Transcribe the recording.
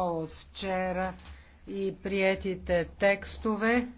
от вчера и приетите текстове.